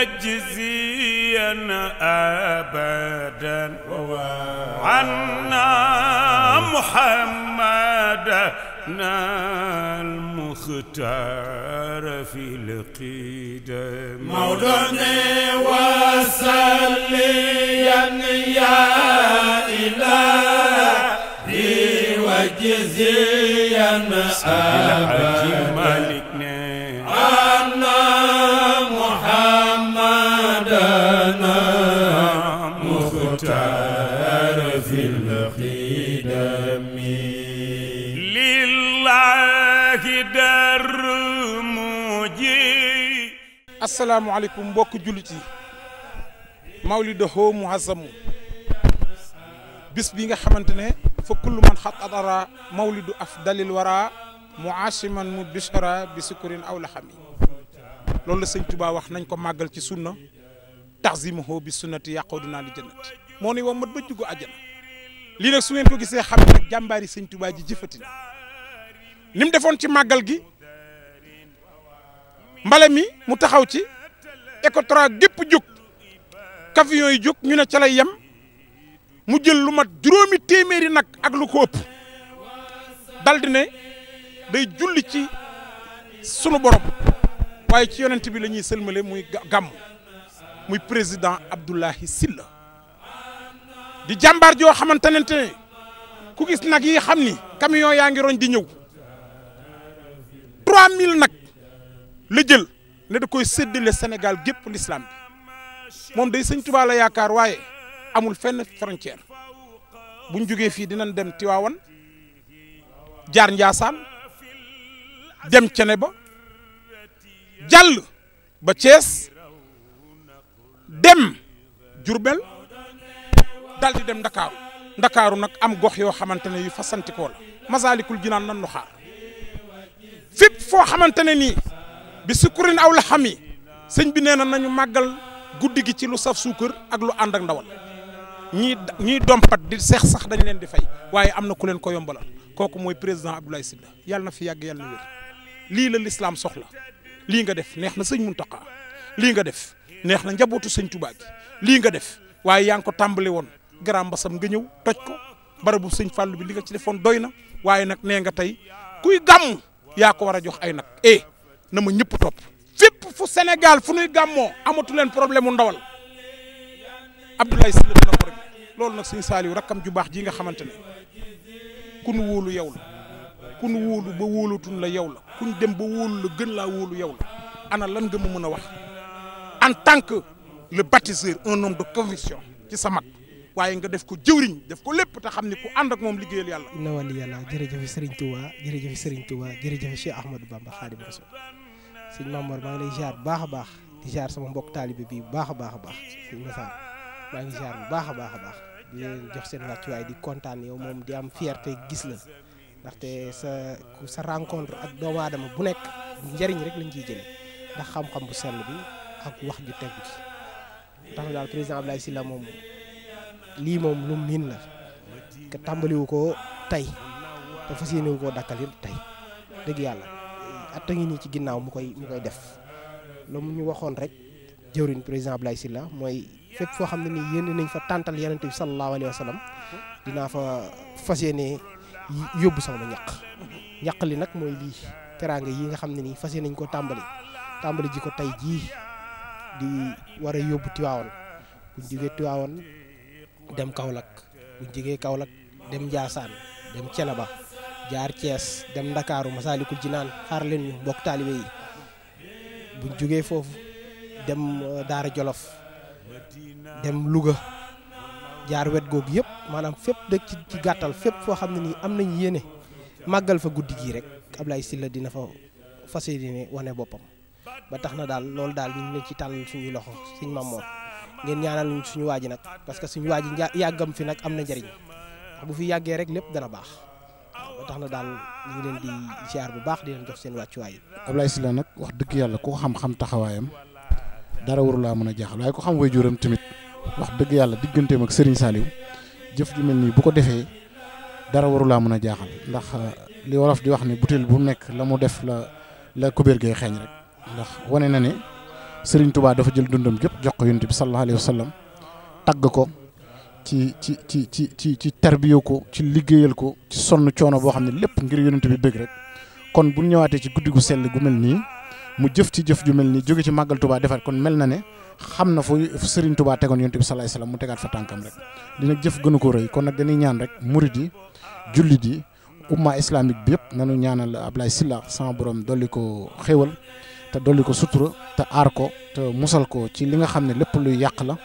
مجزيا أبدا عنا محمدا المختار في القدم مولانا وسليا يا إلهي وجزيا أبدا أبدانا مختار في الخدم لله در مجي السلام عليكم mbokk jullit yi mawlidahu nga xamante ne fa kullu man xatadara mawlidu afdalil wara muasiman mu bishara bi aw laxami loolu la wax nañ ko màggal ci sunna taxzimuhu bi sunnati yaquduna li jannati moo nuy wom mat ba jugo àjjana lii nag su ngeen ko gisee xam ne nag jàmbaari sëñ Tuubaa ji jëfati na defoon ci màggal gi mbale mi mu taxaw ci Ecotra gépp jóg camion yi jóg ñu ne ca lay yem mu jël lu mat juróomi téeméeri nag ak lu ko ëpp dal di day julli ci sunu borom waaye ci yonent bi lañuy ñuy sëlmale muy gàmm muy président Abdoulaye Sylla di jàmbaar joo xamante ne ku gis nag yi xam ni camion yaa ngi roñ di ñëw 3000 nag la jël ne da koy séddale Sénégal gépp l'islam bi moom day sëñ Tuubaa yaakaar waaye amul fenn frontière buñ jógee fii dinañ dem Tiwaawan jaar Njaasaan dem Cene ba jàll ba Thiès dem Jurbel dal di dem ndakaaru ndakaaru nag am gox yoo xamante ne yu fasantikoo la Masaalikul Jinaan nan nu xaar fépp foo xamante ne nii bi sukkurin aw la xam yi sëñ bi nee na nañu màggal guddi gi ci lu saf suukar ak lu ànd ak ndawal ñii ñii dompat di seex sax dañ leen di fay waaye am na ku leen ko yombalal kooku mooy président Abdoulaye Sylla yàlla na fi yàgg yàlla na wér lii la lislaam soxla lii nga def neex na sëñ Muntaqa lii nga def neex na njabootu sëñ Tuubaa lii nga def waaye yaa ngi ko tàmbali woon grand mbasam nga ñëw toj ko barabu sëñ Fàllu bi li nga ci defoon doy na waaye nag nee nga tey kuy gàmm yaa ko war a jox ay nag eh na ma ñëpp topp fépp fu Sénégal fu nuy gàmmoo amatu leen problème mu ndawal Abdoulaye Sylla dina ko rek loolu nag sëñ Saaliw rakkam ju baax ji nga xamante ne ku wóolu yow la ku nu wóolu ba wóolutun la yow la kuñ dem ba wóolu la gën laa wóolu yow la ana lan nga ma a wax en tant que le bâtisseur un homme de conviction ci sa mat waaye nga def ko jëwriñ def ko lépp te xam ne ku ànd ak moom liggéeyal yàlla. na wàllu yàlla jërëjëf Serigne Touba jërëjëf Serigne Touba jërëjëf Cheikh Ahmadou Bamba Khadim Rasoul sëñ Mamor maa ngi lay ziar bu baax a baax di ziar sama mbokk taalibe bi bu baax a baax a baax sëñ Massar maa ngi ziar bu baax a baax a baax di leen jox seen wàccuwaay di kontaan yow moom di am fierté gis la te sa sa rencontre ak doomu aadama bu nekk njariñ rek lañ ciy jëlee ndax xam-xam bu sell bi. ak wax ju tegu ci tax na daal président Abdoulaye Sylla moom lii moom lu miin la te tàmbaliwu ko tey te fas yéene wu koo dakkal yëpp tey dëgg yàlla atta ngi nii ci ginnaaw mu koy mu koy def lu mu ñu waxoon rek jëwriñ président Abdoulaye Sylla mooy fépp foo xam ne nii yéen nañ fa tàntal yonent bi sallallahu alayhi wa sallam dinaa fa fas yéene yóbbu sama ñaq ñaq li nag mooy lii teraanga yi nga xam ne nii fas yéene nañ ko tàmbali tàmbali ji ko tey jii di war a yóbbu Tiwaawan buñ jógee Tiwaawan dem Kaolack buñ jógee Kaolack dem Njaasaan dem Cenaba jaar Thiès dem Ndakaaru Masaalikul Jinaan xaar leen ñu mbokk taalibe yi buñ jógee foofu dem euh, Daara Jolof dem Louga jaar wet googu yëpp maanaam fépp dëkk ci gàttal fépp foo xam ne nii am nañ yéene màggal fa guddi gii rek Ablaye Sylla dina fa fas yéene wane boppam ba tax na daal loolu daal ñu ngi leen ci tàllal suñuy loxo suñ Mamoor ngeen ñaanal suñu waa ji nag parce que suñu waa ji yàggam fi nag am na njariñ bu fi yàggee rek lépp dana baax waaw ba tax na daal ñu ngi leen di ziar bu baax di leen jox seen wàccuwaay. Ablaye Sylla nag wax dëgg yàlla ku xam-xam taxawaayam dara waru laa mën a jaaxal waaye ko xam waajuram tamit wax dëgg yàlla digganteem ak Serigne Saliou jëf ju mel nii bu ko defee dara waru laa mën a jaaxal ndax li wolof di wax ni butéel bu nekk la mu def la la kubéer gay xeeñ rek. ndax wane na ne sëriñ tubaa dafa jël dundam gépp jox ko yonent bi sallallahu alayhi wa tagg ko ci ci ci ci ci ci tarbiyo ko ci liggéeyal ko ci sonn coono boo xam ne lépp ngir yonent bi bëgg rek kon bu ñëwaatee ci guddi gu sell gu mel nii mu jëf ci jëf ju mel nii jóge ci màggal Touba defaat kon mel na ne xam na fu Serigne Touba tegoon yonent bi sallallahu alayhi mu tegaat fa tànkam rek dina jëf gënu ko rëy kon nag dañuy ñaan rek murid yi jullit yi umma islamique bi yëpp nanu ñaanal Ablaye Sylla sama borom dolli ko xéwal te dolli ko sutura te aar ko te musal ko ci li nga xam ne lépp luy yàq la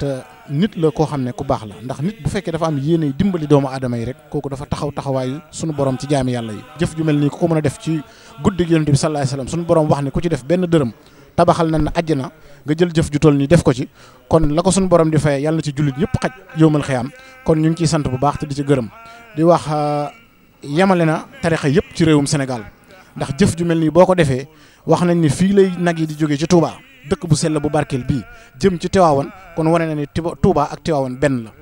te nit la koo xam ne ku baax la ndax nit bu fekkee dafa am yéene dimbali doomu aadama yi rek kooku dafa taxaw taxawaayu sunu borom ci jaami yàlla yi. jëf ju mel nii ku ko mën a def ci guddi gi yonent bi sallallahu alayhi borom wax ne ku ci def benn dërëm tabaxal nañ na àjjana nga jël jëf ju toll nii def ko ci kon la ko sunu borom di fayee yàlla na ci jullit ñëpp xaj yowmal xiyaam kon ñu ngi ciy sant bu baax te di ci gërëm di wax uh, yemale na tarixa yëpp ci réewum senegal ndax jëf ju mel nii boo ko defee wax nañ ni fii lay nag yi di jógee ci Touba dëkk bu sell bu barkeel bii jëm ci Tiwaawan kon wane na ni Touba ak Tiwaawan benn la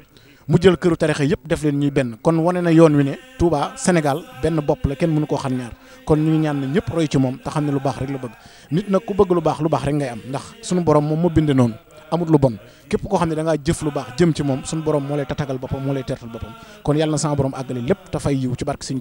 mu jël këru tarixa yëpp def leen ñuy benn kon wane na yoon wi ne Touba Sénégal benn bopp la kenn mënu koo xam ñaar kon ñu ngi ñaan na ñëpp roy ci moom te xam ne lu baax rek la bëgg nit nag ku bëgg lu baax lu baax rek ngay am ndax suñu borom moom moo bind noonu amut lu bon képp koo xam ne da jëf lu baax jëm ci moom suñu borom moo lay tatagal boppam moo lay tertal boppam kon yàlla na sama borom àggale lépp te fay yiw ci barke Sëñ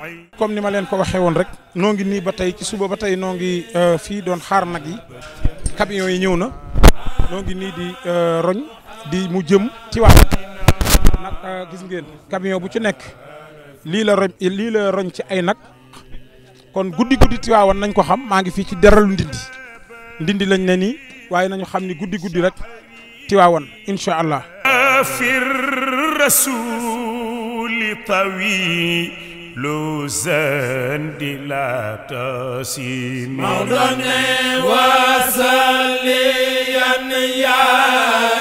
comme ni ma leen ko waxee woon rek noo ngi nii ba tey ci suba ba tey noo ngi euh, fii doon xaar nag yi camion yi ñëw na noo ngi nii di euh, roñ di mu jëm ci euh, ngeen camion bu ci nekk lii la la roñ ci ay nag kon guddi guddi Tiwaawan nañ ko xam maa ngi fii ci deralu ndindi ndindi lañ ne nii waaye nañu xam ni guddi guddi rek Tiwaawan incha allah. fi rasuli tawi لوزن دلا تسيم مولانا وسليا يا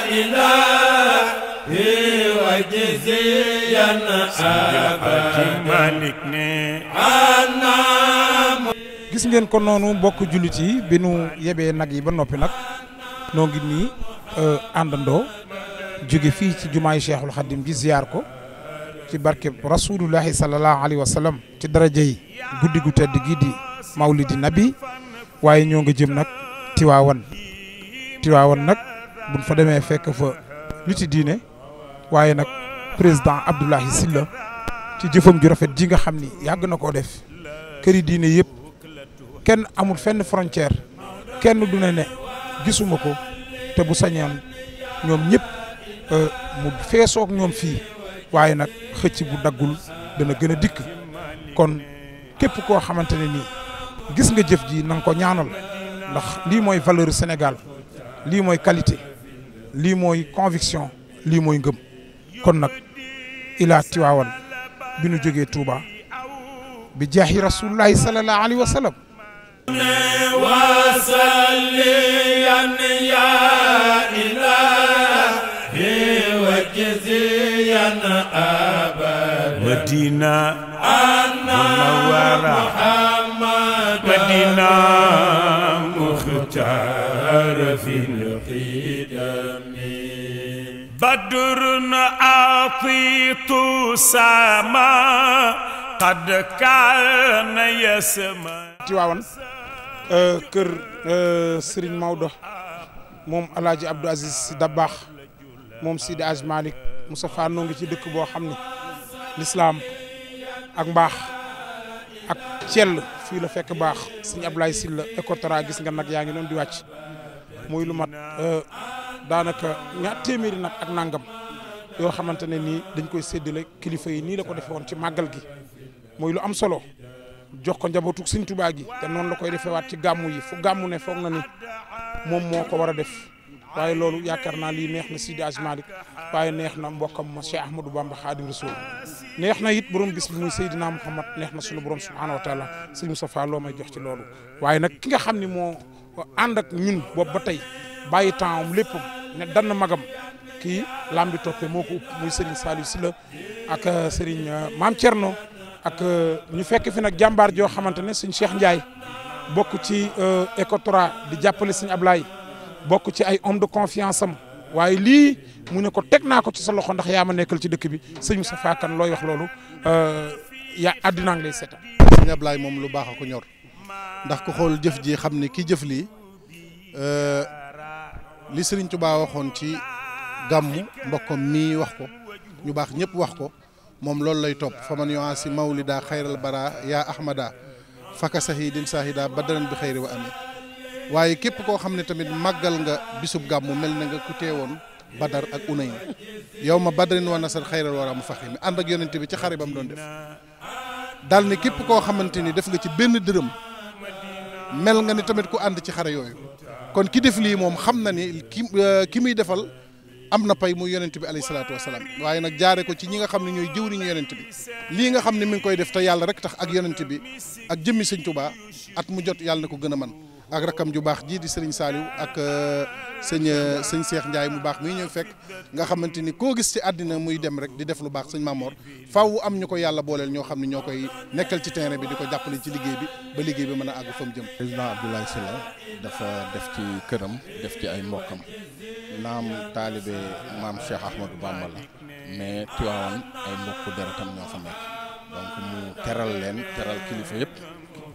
إلهي وجزيا أبدا مالكني أنا gis ngeen ko noonu bokk jullit yi bi nu yebee nag yi ba noppi nag noo ngi nii euh, àndandoo jóge fii ci jumaayu Cheikhul Khadim ji ziyaar ko ci barkeb rasulullahi salallahu alayhi wa sallam ci daraja yi guddi gu tedd gii di mawlidi nabi waaye ñoo nga jëm nag tiwaawan tiwaawan nag buñ fa demee fekk fa niti diine waaye nag président Abdoulaye Sylla ci jëfam ju rafet ji nga xam ni yàgg na koo def këri diine yëpp kenn amul fenn frontière kenn du ne ne gisuma ko te bu sañoon ñoom ñëpp euh, mu feesoog ñoom fii waaye nag xëcc bu daggul dana gën a dikk kon képp koo xamante ne nii gis nga jëf ji na ko ñaanal ndax lii mooy valeur Sénégal lii mooy qualité lii mooy conviction lii mooy ngëm kon nag ilaa Tiwaawan bi nu jógee tuuba bi jaahi rasulullahi sallallahu alayhi wa sallam wa salliyan ya ilaa أبدا مدينة منورة محمد مدينة مختار في القدم بدر أعطيت سما قد كان يسمع تواون كر سرين مودو موم الحاج عبد العزيز دباخ موم سيدي اج مالك Moustapha noo ngi ci dëkk boo xam ne lislaam ak mbaax ak cell fii la fekk baax sëñ Ablaye Sylla Ecotra gis nga nag yaa ngi noonu di wàcc muy lu mat euh, daanaka ñaar téeméeri nag ak nangam yoo xamante ne nii dañ koy séddale kilifa yi nii la ko defee woon ci màggal gi mooy lu am solo jox ko njabootu sëñ Tuubaa gi te noonu la koy defee waat ci gàmmu yi fu gàmmu ne foog na ni moom moo ko war a def waaye loolu yaakaar naa lii neex na Sidi Aj Malick waaye neex na mbokkam ma Cheikh Ahmadou Bamba Khadim Rasoul neex na it borom bis bi naa Seydina Mouhamad neex na sunu borom subhanahu wa taala sëñ Moustapha loo may jox ci loolu waaye nag ki nga xam ne moo ànd ak ñun boobu ba tey bàyyi temps am lépp ne dann magam kii lambi toppe moo ko upp muy Serigne Saliou ak euh, Serigne euh, Mame Thierno ak euh, ñu fekk fi nag jàmbaar joo xamante ne suñ Cheikh Ndiaye bokk ci Ecotra di jàppale suñ Ablaye bokk ci ay homme de confiance am waaye lii mu ne ko teg naa ko ci sa loxo ndax yaa ma nekkal ci dëkk bi sëñ sa Kane looy wax loolu euh, yaa àddinaa lay seetaan. sëñ moom lu baax a ko ñor ndax ko xool jëf ji xam ne ki jëf lii euh, li Serigne Touba waxoon ci gàmmu mbokkam mii wax ko ñu baax ñëpp wax ko moom loolu lay topp fa man yoasi mawlida xayral bara yaa ahmada faka sahidin sahida badaran bi xayri wa amee waaye képp koo xam ne tamit màggal nga bisub gàmmu mel na nga ku teewoon badar ak unay yow ma badrin wa nasar xayral wara mu faxi mi ànd ak yonente bi ci xare ba mu doon def daal ne képp koo xamante ni def nga ci benn dërëm mel nga ni tamit ku ànd ci xare yooyu kon ki def lii moom xam na ni ki euh, ki muy defal am na pay mu yonent bi alayhi salaatu wasalaam waaye nag jaare ko ci ñi nga xam ne ñooy jëwriñu yonent bi lii nga xam ne mi ngi koy def te yàlla rek tax ak yonent bi ak jëmmi sëñ Tuubaa at mu jot yàlla ko gën a man ak rakam ju baax jii di sëriñ Saliou ak euh, sëñ euh, sëñ Cheikh Ndiaye mu baax mii ñëw fekk nga xamante ni koo gis ci àddina muy dem rek di def lu baax sëñ Mamor faaw am ñu ko yàlla booleel ñoo xam ne ñoo koy nekkal ci terrain bi di ko jàppale ci liggéey bi ba liggéey bi mën a àgg fa mu jëm. président Abdoulaye Sylla dafa def ci këram def ci ay mbokkam naam taalibe maam Cheikh Ahmadou Bamba la mais Tivaouane ay mbokku deretam ñoo xam nekk donc mu teral leen teral kilifa yëpp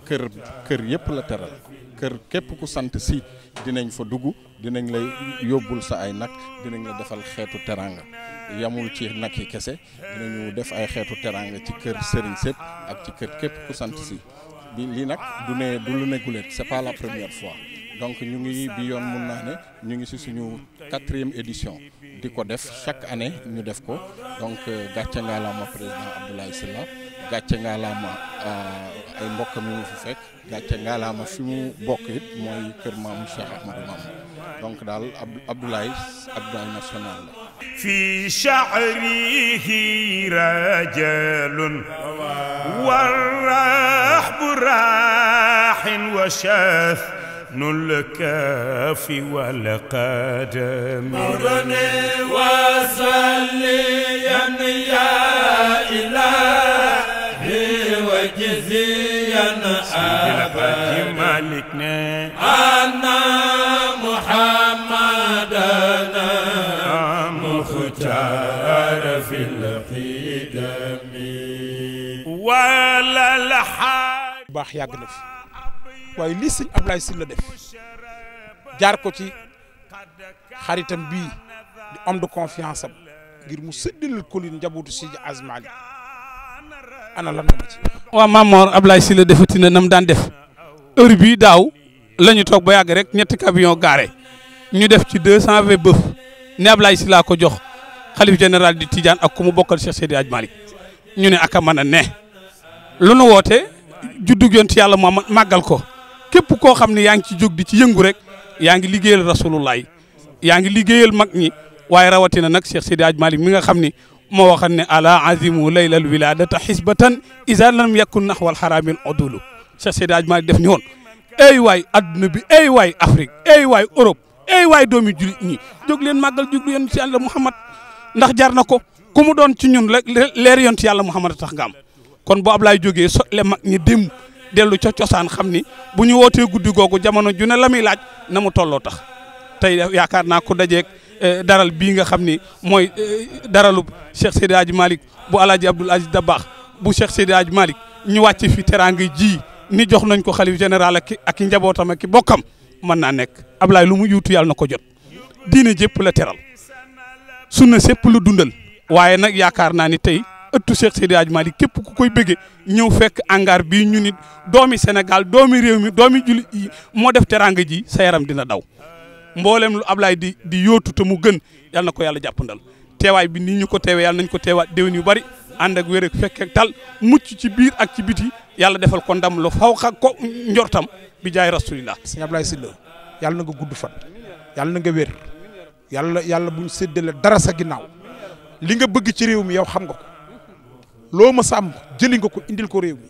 kër kër yëpp la teral. kër képp ku sant si dinañ fa dugg dinañ lay yóbbul sa ay nag dinañ la defal xeetu teranga yamul ci nag yi kese dinañu def ay xeetu teranga ci kër sëriñ sëpp ak ci kër képp ku sant si bi lii nag du ne du lu ne guléet c'est pas la première fois donc ñu ngi bi yoon mun naa ne ñu ngi si suñu quatrième édition di ko def chaque année ñu def ko donc euh, gàcce ngaa la ma président Abdoulaye Sylla gàcce ngaalaama euh, ay mbokkam yu mu fi fekk gàcce ngaalaama mu bokk it mooy kër maamu Cheikh Ahmadou Mamoun donc daal Abdoulaye Abdoulaye national fi sha'rihi rajalun warahbu rahin wa shafnul kafi wal qadami wa salli ya ilahi Seydi El Hadji Malick ne anna muhammadana mukhtar fil qidami wala laha baax yàgg na fi waaye lii sëñ Ablaye Si la def jaar ko ci xaritam bii di homme de confiance am ngir mu séddalal ko li njabootu Seydi Hadji Malick ana lan la ma ci waaw Mamor Ablaye Sylla na nam daan def heure bii daaw la ñu toog ba yàgg rek ñetti camion garé ñu def ci deux cent vingt bëf ne Ablaye Sylla ko jox xalif général di Tidiane ak ku mu bokkal Cheikh Seydi Hadj Malick ñu ne aka mën a ne lu nu woote juddug yonent yàlla moo màggal ko képp koo xam ne yaa ngi ci jóg di ci yëngu rek yaa ngi liggéeyal rasulullah yaa ngi liggéeyal mag ñi waaye rawatina nag Cheikh Seydi Hadj mi nga xam ni moo waxan ne ala azimu laylal wiladata xisbatan isa lam yakun naxwal xaraamil odulu sa sédaaj maa def ni woon ay waay adduna bi ay waay afrique ay waay europe ay waay doomi julit ñi jóg leen màggal juglu si ci mu muhammad ndax jar na ko ku mu doon ci ñun rek leer yoon ci yàlla muhammad tax nga am kon bu Ablaay jógee sotle mag ñi démb dellu ca cosaan xam ni bu ñu wootee guddi googu jamono ju ne lami laaj na mu tolloo tax tey yaakaar naa ko Euh, daral bii nga xam ni mooy euh, daralub Cheikh Seydi Hadji Malick bu alaaji Abdoul Aziz Dabakh bu Cheikh Seydi Hadji Malick ñu wàcc fi teraanga ji ni jox nañ ko xalif général ak ak i njabootam ak i bokkam mën naa nekk Ablaye lu mu yuutu yàlla na ko jot diine jëpp la teral na sépp lu dundal waaye nag yaakaar naa ni tey ëttu Cheikh Seydi Hadji Malick képp ku koy bëgge ñëw fekk angaar bi ñu nit doomi senegal doomi réew mi doomi jullit moo def teraanga ji sa yaram dina daw mboolem lu Ablaye di di yóotu mu gën yal na ko yàlla jàppandal teewaay bi nii ñu ko teewee yàlla nañ ko teewaat déwén yu bari ànd ak wér ak fekk ak tal mucc ci biir ak ci biti yàlla defal ko ndam lu faw xa ko njortam bi jaay rasulillah. sëñ si Sylla yàlla na nga gudd fan yàlla na nga wér yàlla buñ seddale dara sa ginnaaw li nga bëgg ci réew mi yow xam nga ko loo ma sàmm jëli nga ko indil ko réew mi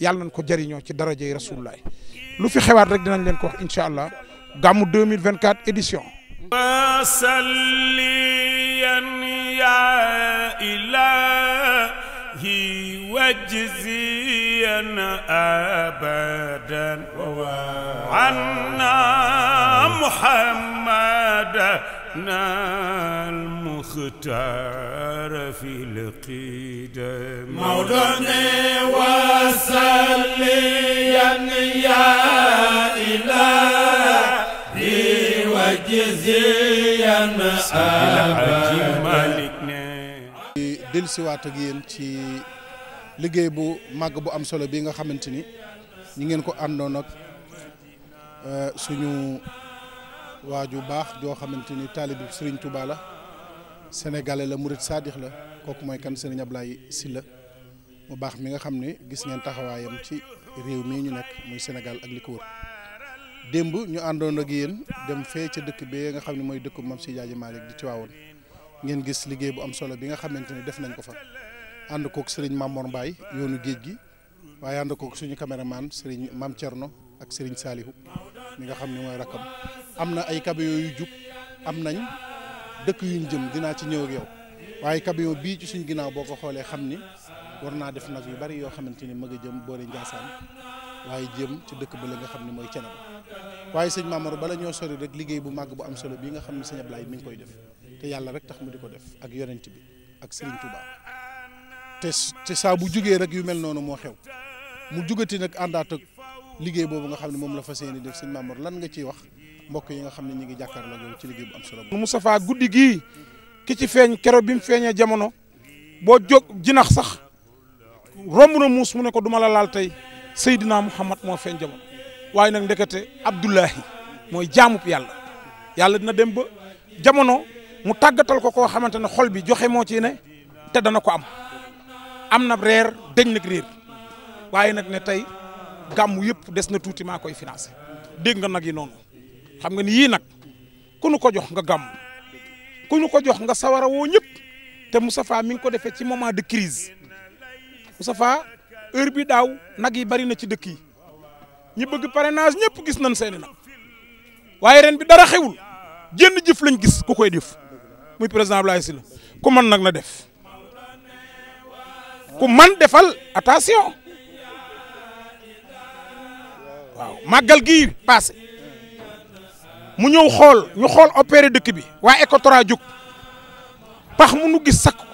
yàlla nañ ko jariñoo ci darajay rasulillah lu fi xewaat rek dinañ leen ko wax allah. gàmmu 2024 édition masalliyan ya ilahi wajziyan abadan anna muhammadan المختار في القدم مولانا وسليا يا jaziyaan dellusiwaat ak yéen ci liggéey bu màgg bu am solo bi nga xamante ni ñi ngeen ko àndoon ak euh, suñu waa ju baax joo xamante ni taalibu Serigne Touba la sénégalais la murit saadix la kook mooy kan Serigne Ablaye Sylla mu baax mi nga xam ni gis ngeen taxawaayam ci réew mii ñu nekk muy senegal ak li ko démb ñu àndoon ak yéen dem fee ca dëkk bi nga xam ne mooy dëkk Mame Seydi Hadji Malick di Tiwaawoon ngeen gis liggéey bu am solo bi nga xamante ne def nañ ko fa ànd kook sëriñ Mamor Mbaye yoonu géej gi waaye ànd kook suñu caméraman Serigne Mame Thierno ak sëriñ Salihu mi nga xam ne mooy rakam am na ay camion yu jub am nañ dëkk yuñ jëm dinaa ci ñëw ak yow waaye camion bii ci suñ ginnaaw boo ko xoolee xam ni war naa def nag yu bari yoo xamante ni ma nga jëm boori Ndiassane waaye jëm ci dëkk ba la nga xam ne mooy Thiénaba waaye sëñ Mamour bala ñoo sori rek liggéey bu màgg bu am solo bii nga xam ne sëñ Ablaye mi ngi koy def te yàlla rek tax mu di ko def ak yonent bi ak Serigne Touba te te saa bu jugee rek yu mel noonu moo xew mu jógati nag àndaat ak liggéey boobu nga xam ne moom la fas yéene def sëñ Mamour lan nga ciy wax mbokk yi nga xam ne ñu ngi jàkkaarloo yow ci liggéey bu am solo boobu. Moustapha guddi gii ki ci feeñ keroog bi mu feeñee jamono boo jóg jinax sax romb na muus ne ko duma la laal tey Seydina Mouhamad moo feeñ jamono. waaye nag ndekete Abdullahi mooy jaamub yàlla yàlla dina dem ba jamono mu tàggatal ko koo xamante ne xol bi joxe moo ci ne te dana ko am am na reer deñ nag réer waaye nag ne tey gàmmu yëpp des na tuuti maa koy financé dégg nga nag yi noonu xam nga ni yii nag ku nu ko jox nga gàmm ku nu ko jox nga sawara woo ñëpp te Moustapha mi ngi ko defee ci moment de crise Moustapha heure bi daaw nag yi bari na ci dëkk yi ñi bëgg parrainage ñëpp gis nañ seeni nag waaye ren bi dara xewul jënd jëf lañ gis ku koy def muy président Abdoulaye Sylla ku man nag na def ku man defal attention waaw màggal gii passé mu ñëw xool ñu xool opéré dëkk bi waa Ecotra jóg pax mu nu gis sakku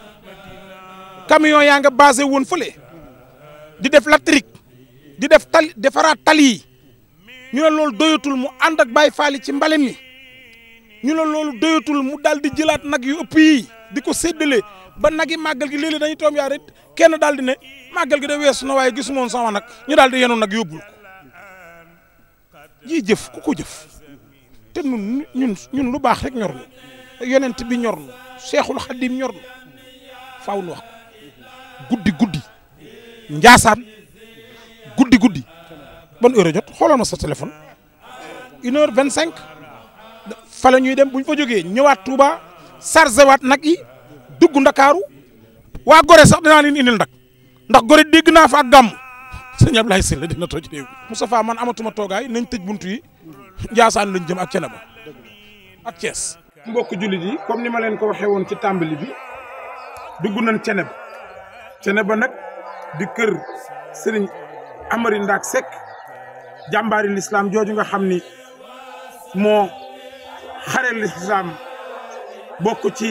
camion yaa nga basé woon fële di def la latrik di def tali defaraat tali yi ñu ne loolu doyatul mu ànd ak Baay Faal ci mbale mi ñu ne loolu doyatul mu daal di jëlaat nag yu yi di ko seddale ba nag yi màggal gi léeg-léeg dañuy toom yaa kenn daal di ne màggal gi de weesu na waaye gisu moon sama nag ñu daal di yenu nag yóbbul jii jëf ku ko jëf te ñun ñun ñun lu baax rek ñor na yonent bi ñor na Seexul Xadiim ñor na faaw nu guddi guddi njaasaan guddi guddi ban heure jot xoolal ma sa téléphone une vingt cinq fa la ñuy dem bu ñu fa jógee ñëwaat Touba chargé waat nag yi dugg Ndakaaru waa Gore sax dinaa leen indil nag ndax Gore dégg naa fa ak gàmm sëñ Ablaye Sylla dina toj réew mi. Moustapha man amatuma toogaay nañ tëj buntu yi Ndiassane lañ jëm ak Thiénaba ak Thiès. mbokk jullit yi comme ni ma leen ko waxee ci tàmbali bi dugg nañ Thiénaba Thiénaba nag di amari Ndack Seck jàmbaari lislaam jooju nga xam ni moo xare lislaam bokk ci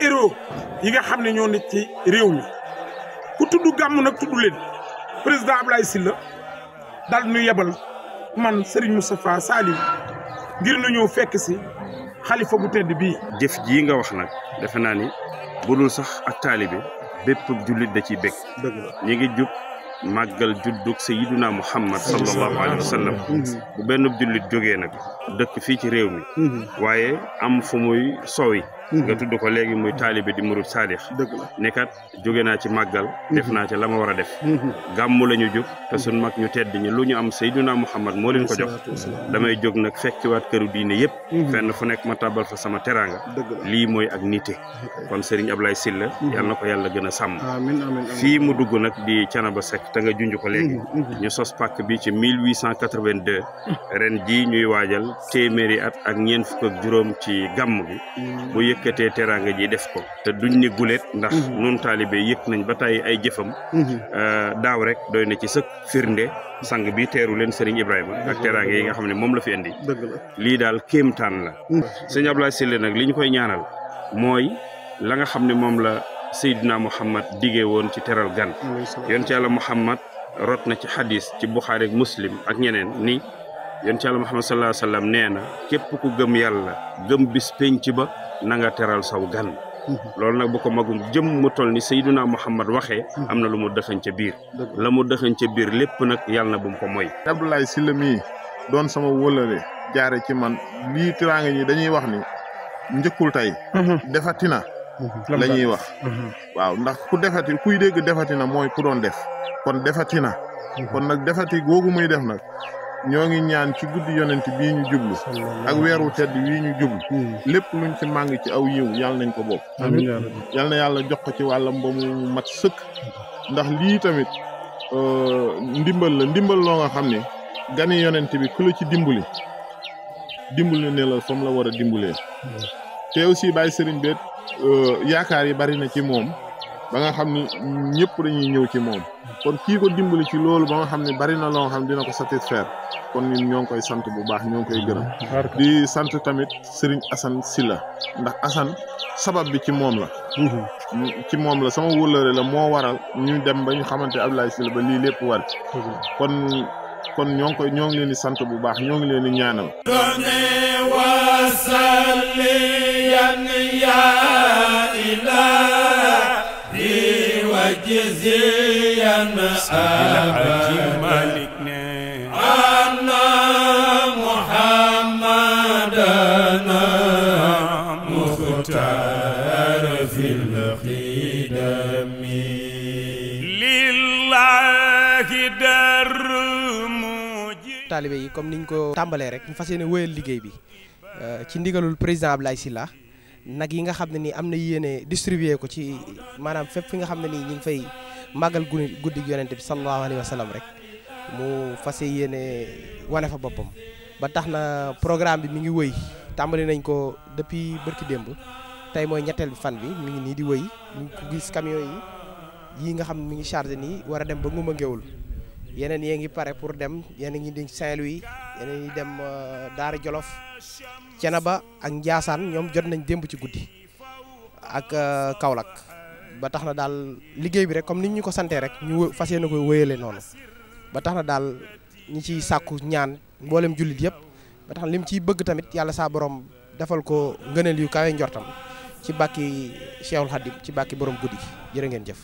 héros yi nga xam ne ñoo nit ci réew mi ku tudd gàmm nag tudd leen président Ablaye sila dal ñu yebal man Serigne Moustapha Salim ngir nu ñëw fekk si xalifa bu tedd bi jëf jii nga wax nag defe naa ni budul sax ak taalibe bépp jullit da ciy bég ñi jub màggal juddug sayyiduna muhammad sallallahu alayhi wa sallam mhm. bu benn jullit jógee nag dëkk fii ci réew mi mhm. waaye am fu muy sowi nga tudd ko léegi muy taalibe di murid saadix ne kat jóge naa ci màggal def mhm. naa ci la ma war a def mhm. gàmmu la ñu jóg te suñ mag ñu tedd ñi lu ñu am sayduna muhammad moo leen ko jox damay jóg nag fekkiwaat këru diine yëpp mhm. fenn fu nekk ma tàbbal fa sama teraanga lii mooy ak nite kon sëriñ lay Sylla yal na ko yàlla gën a sàmm fii mu dugg nag di Thiénaba Seck te nga junj ko léegi ñu sos pàkk bi ci 1882 ren jii ñuy waajal téeméeri at ak ñeent fukk ak juróom ci gàmm bi yëkkatee teraanga ji def ko te duñ ni guléet ndax mhm. nun taalibe yëg nañ ba tàyyi ay jëfam mhm. euh, daaw rek doy na ci sëkk firnde sang bi teeru leen Serigne Ibrahima ak mhm. teraanga yi nga xam ne moom la fi indi lii daal kéemtaan la sëñ Abdoulaye Sylla nag li ñu koy ñaanal mooy la nga xam ne moom la Seydina Muhammad digee woon ci teral gan yoon ci yàlla Muhammad rot na ci xadis ci Buxaari ak Muslim ak ñeneen ni yéen ci àlla Muhammad sallallahu alayhi wa nee na képp ku gëm yàlla gëm bis penc ba na nga teral saw gan mhm. loolu nag bu ko magum jëm mu toll ni Seyduna Muhammad waxee mhm. am na lu mu dëxañ ca biir la mu dëxañ ca biir lépp nag yàlla na bu mu ko moy Abdoulaye Sylla mii doon sama wëlale jaare ci man lii tiraanga ñi dañuy wax ni njëkkul tey mhm. defati na la wax waaw ndax ku defati kuy dégg defati na mooy ku doon def kon defati na kon nag defati googu muy def nag ñoo ngi ñaan ci guddi yonent bii ñu jublu ak weeru tedd wii ñu jublu hmm. lépp luñ ci màng ci aw yiw yàlla nañ ko bokk yàlla na yàlla jox ko ci wàllam ba mu mat sëkk ndax lii tamit euh, ndimbal la ndimbal loo nga xam ne gani yonent bi ku la ci dimbali dimbali ne la fam la war a dimbalee te aussi bàyyi sëriñ beet euh, yaakaar yi bari na ci moom ba nga xam ni ñëpp dañuy ñëw ci moom kon kii ko dimbali ci loolu ba nga xam ne bari na loo xam dina ko satisfaire kon ñun ñoo ngi koy sant bu baax ñoo ngi koy gërëm. di sant tamit Serigne Assane Sylla ndax Assane sabab bi ci moom la. Mhm. ci moom la sama wóllare la moo waral ñu dem ba ñu xamante Abdoulaye sila ba lii lépp war. Mhm. kon ñoo ngi koy ñoo ngi leen di sant bu baax ñoo ngi leen di ñaanal. Yeah. taalibe yi comme niñ ko tàmbalee rek ñu fas yéene wéyal liggéey bi euh, ci ndigalul président Ablaye Sylla nag yi nga xam ne nii am na yéene distribuer ko ci maanaam fépp fi nga xam ne nii ñu ngi fay màggal guddi guddi yonente bi sallallahu alayhi wa rek mu fase yéene wane fa boppam ba tax na programme bi mi ngi woy tàmbali nañ ko depuis bërki démb tey mooy ñetteel bi fan bi mi ngi nii di woy ñu ko gis camion yi yii nga xam mi ngi chargé nii war a dem ba Ngouma Ngéwul yeneen yee ngi pare pour dem yeneen ñi di Saint-Louis yeneen ñi dem euh, Daara Jolof Cenaba ak Njaasaan ñoom jot nañ démb ci guddi ak euh, Kaolack ba tax na daal liggéey bi rek comme ni ñu ko santee rek ñu fas yéene koy wéyale noonu ba tax na daal ñi ciy sàkku ñaan mboolem jullit yëpp ba tax na lim ciy bëgg tamit yàlla saa borom defal ko ngëneel yu kawe njortam ci bàkki Cheikhul Khadim ci bàkki boroom guddi gi jërë ngeen jëf.